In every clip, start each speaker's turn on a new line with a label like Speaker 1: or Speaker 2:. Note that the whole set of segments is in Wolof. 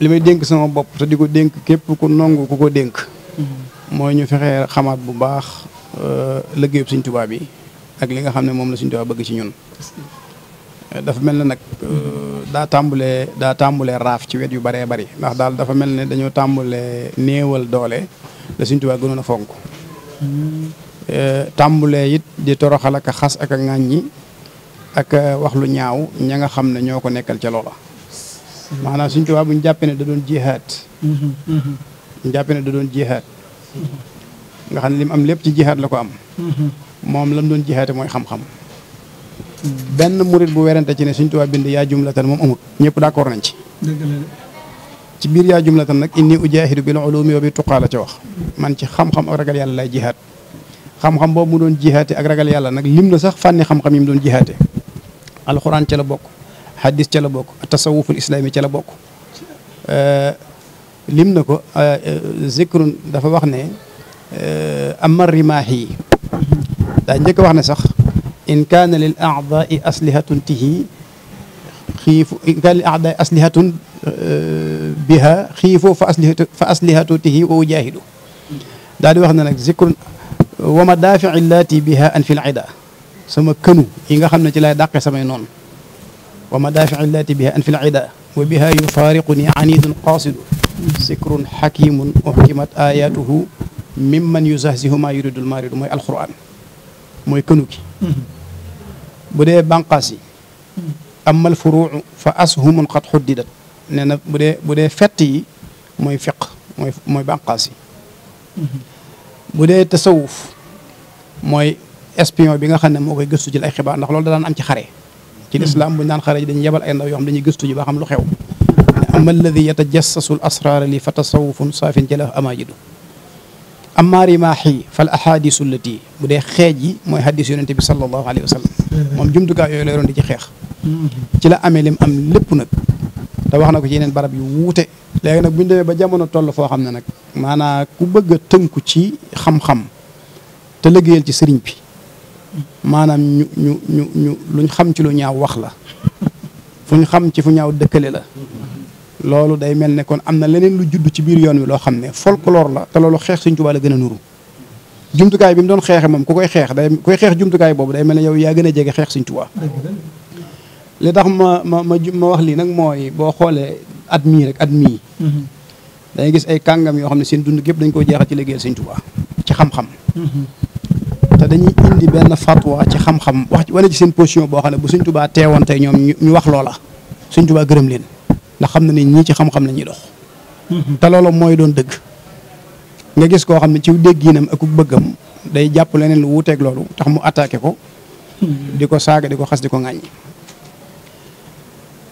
Speaker 1: li may dénk sama bopp te di ko dénk képp ku nongu ku ko dénk mooy ñu fexee xamaat bu baax euh, liggéeyub Sëñ tubaab bi ak li nga xam ne moom la siñ Tuubaa bëgg ci ñun euh, dafa mel ne nag euh, daa tàmbulee daa tàmbulee raaf ci wet yu baree bari ndax daal dafa mel ne dañoo tàmbulee néewal doole la Sëñ Tuubaa gënoon a fonk tàmbulee it di toroxal ak xas ak a ŋàññi ak wax lu ñaaw ña nga xam ne ñoo ko nekkal ca loola maanaam suñ tubaab bu ñu jàppee ne da doon jihaad mhm, mhm. da doon jihaad mhm. nga xam ne li am lépp ci jihaad la ko am moom lam doon jihaate mooy xam-xam benn murit bu werante ci ne suñ tubaab bind yaa jumlatan moom amut ñëpp d'accord nañ ci ci biir yaa jumlatan nag inni ujaahidu bil ulumi wa bi tuqaa la ca wax man ci xam-xam ak ragal yàlla lay jeexaat xam-xam boobu mu doon jeexaate ak ragal yàlla nag lim na sax fànni xam-xam yi mu doon jihaate alxuraan ca la bokk xaddis ca la bokk tasawuful islaami ca la bokk eh, lim na ko eh, eh, zikrun dafa wax ne amar rimaax yi daa njëkk wax ne sax in kaana lil aadai aslihatun tihi xiifu in kaana lil a aslihatun biha xiifoo fa aslihatu tihi wa ujaahidu daal di wax ne nag zikrun wa madaafi illati biha an fi l sama kënu yi nga xam ne ci laay dàqe sama noonu wa madaafiu llati biha an fi lida wa biha yufaariquni anidun qasidu sikrun xakimun uhkimat ayatuhu mimman yuzahzihu ma yuridul maridu mooy alquran mooy kënu gi bu dee bànqaas fa ashumun qad xuddidat bu dee bu dee fett yi mooy fiq mooy yi espion bi nga xam ne moo koy gëstu jël ay xibaar ndax loolu da daan am ci xare ci lislaam bu ñu naan xare ji dañuy yebal ay yoo xam dañuy gëstu ji ba xam lu xew ama alladi yatajassasu l asraara li fa tasawufun saafin jala amajidu amma rimaaxi fal ahadisu lati bu dee xeej yi mooy hadis yonente bi salallahu alayhi wa sallam moom jumtukaay yooyu la yoroon di ci xeex ci la amee lim am lépp nag te wax na ko ci yeneen barab yu wuute léegi nag bu ñu demee ba jamono toll foo xam ne nag maanaa ku bëgg a tënku ci xam-xam te liggéeyal ci sëriñ bi maanaam ñu ñu ñu ñu luñ xam ci lu ñaaw wax la fu ñu xam ci fu ñaaw dëkkale la loolu day mel ne kon am na leneen lu judd ci biir yoon wi loo xam ne folklore la te loolu xeex Sëñ Tuubaa la gën a nuru jumtukaay bi mu doon xeexe moom ku koy xeex day koy xeex jumtukaay boobu day mel ne yow yaa gën a jege xeex Sëñ Tuubaa li tax ma ma ma ma wax lii nag mooy boo xoolee at mii rek at mii mm-hmm. dangay gis ay kàngam yoo xam ne seen dund gépp dañ koy jeexal ci liggéeyal Sëñ Tuubaa ci xam te dañuy indi benn fatwa ci xam-xam wax wala ci seen position boo xam ne bu suñ Tuubaa teewoon tey ñoom ñu wax loola Sëñ Tuubaa gërëm leen ndax xam na ni ñii ci xam-xam la ñuy dox mm-hmm. te loola mooy doon dëgg nga gis koo xam ne ci dégginam ak bëggam day jàpp leneen lu wuuteeg loolu tax mu attaqué ko
Speaker 2: mm-hmm.
Speaker 1: di ko saaga di ko xas di ko ŋàññ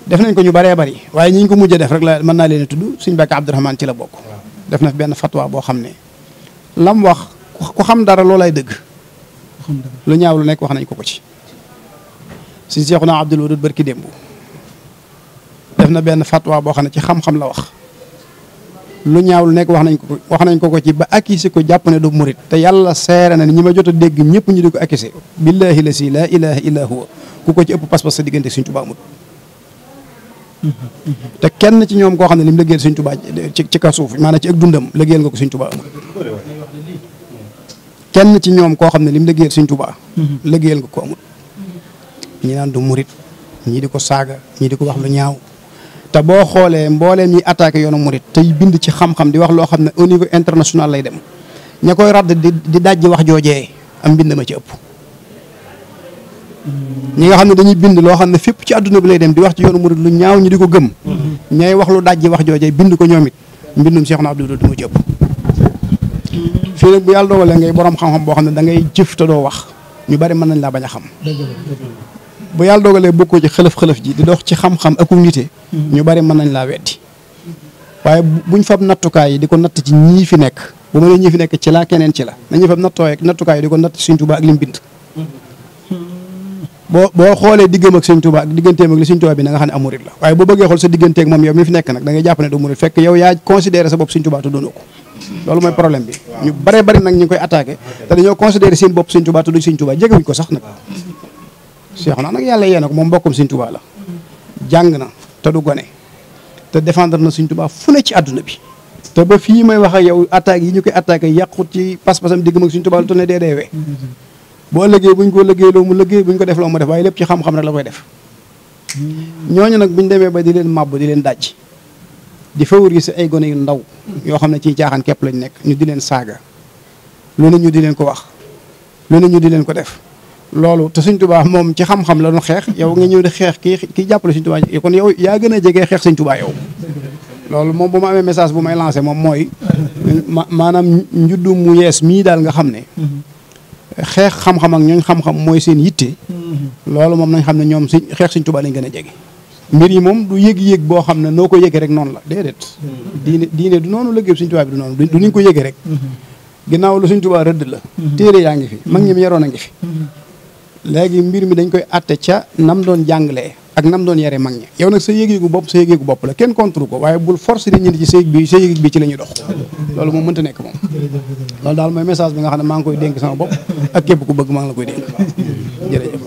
Speaker 1: def nañ ko ñu bëree bari waaye ñi ñu ko mujjee def rek la mën naa leen a tudd Sëñ Bakka Abdourahmane ci la bokk def na fi benn fatwa boo xam ne lam wax ku xam dara loolay dëgg lu ñaaw lu nekk wax nañ ko ko ci si seexu naa Abdul Wadud barki démb def na benn fatwa boo xam ne ci xam-xam la wax lu ñaaw lu nekk wax nañ ko wax nañ ko ko ci ba accusé ko jàpp ne du murit te yàlla seere na ne ñi ma jot a dégg ñëpp ñu di ko accusé billaahi la si laa ilaha illa ku ko ci ëpp pas-pas sa diggante Sëñ Tuubaa amul te kenn ci ñoom koo xam ne li mu liggéeyal Sëñ Tuubaa ci ci kaw suuf maanaam ci ak dundam liggéeyal nga ko Sëñ Tuubaa
Speaker 2: amul
Speaker 1: kenn ci ñoom koo xam ne lim liggéeyal Sëñ Tuubaa mhm. liggéeyal nga ko amul ñi naan du murit ñi di ko saaga ñi di ko wax lu ñaaw te boo xoolee mbooleem ñi attaqué yoonu murit tey bind ci xam-xam di wax loo xam ne au niveau international lay dem ña koy radd di di dajji wax joojee am bind ma ci ëpp ñi nga xam ne dañuy bind loo xam ne fépp ci àdduna bi lay dem di wax ci yoonu murit lu ñaaw ñi di ko gëm mhm. ñay wax lu dajji wax joojee bind ko ñoom it mbindum Seexuna Abdul du ma ci ëpp fii rek bu yàlla dogalee ngay borom xam-xam boo xam ne da ngay jëf te doo wax ñu bari mën nañ laa bañ a xam. bu yàlla dogalee bokkoo ci xëlëf xëlëf ji di dox ci xam-xam ak unité. Mm-hmm. ñu bari mën nañ laa weddi. waaye buñ fab nattukaay di ko natt ci ñii fi nekk bu ma ñii fi nekk ci laa keneen ci la nañu fab nattukaay di ko natt ci Sëñ Tuubaa ak lim bind.
Speaker 2: Mm-hmm.
Speaker 1: boo xoolee diggam ak Sëñ ak digganteem li Sëñ Tuubaa bi na xam ne amurit la waaye boo da ngay jàpp ne du murit fekk loolu mooy problème bi ñu bare bari nag ñu koy attaqué te dañoo considéré seen bopp Sëñ Tuubaa te duñ Sëñ Tuubaa jegewuñ ko sax nag Seexuna nag yàlla yee na ko moom mbokkum Sëñ Tuubaa la jàng na te du gone te défendre na Sëñ Tuubaa fu ne ci àdduna bi te ba fii may wax ak yow attaques yi ñu koy attaqué yàqut ci pas-pasam digg mag Sëñ Tuubaa lu toll ne dee deewee boo liggéey buñ ko liggéeyloo mu liggéey buñ ko def loo mu def waaye lépp ci xam-xam la koy def ñooñu nag buñ demee ba di leen màbb di leen daj di favoriser ay gone yu ndaw yoo xam ne ciy caaxaan képp lañ nekk ñu di leen saaga lu ne ñu di leen ko wax lu ne ñu di leen ko def loolu te Sëñ Tuubaa moom ci xam-xam la ñu xeex yow nga ñëw di xeex kii kii jàppale Sëñ Tuubaa kon yow yaa gën a jege xeex Sëñ yow loolu moom bu ma amee message bu may lancé moom mooy maanaam njuddu mu yees mii daal nga xam ne xeex xam-xam ak ñooñ xam-xam mooy seen yitte
Speaker 2: mm-hmm.
Speaker 1: loolu moom nañ xam ne ñoom si xeex Sëñ Tuubaa lañ gën a jege mbir yi moom du yëg-yëg boo xam ne noo ko yëgee rek noonu la déedéet. Hmm. diine diine du noonu liggéey Sëñ Tuubaa bi du noonu du ni ko yëgee rek. Hmm. ginnaaw lu Sëñ Tuubaa rëdd la. Hmm. téere yaa ngi fi mag ñi mu yaroon a ngi fi. léegi mbir mi dañ koy atte ca nam doon jàngalee ak nam doon yare mag ñi yow nag sa yëg-yëgu bopp sa yëg bopp la kenn contre ko waaye bul force di ñi ci la ñuy dox. loolu moom mënta nekk moom. loolu daal mooy message bi nga xam ne maa ngi koy dénk sama bopp képp ku bëgg maa la koy dénk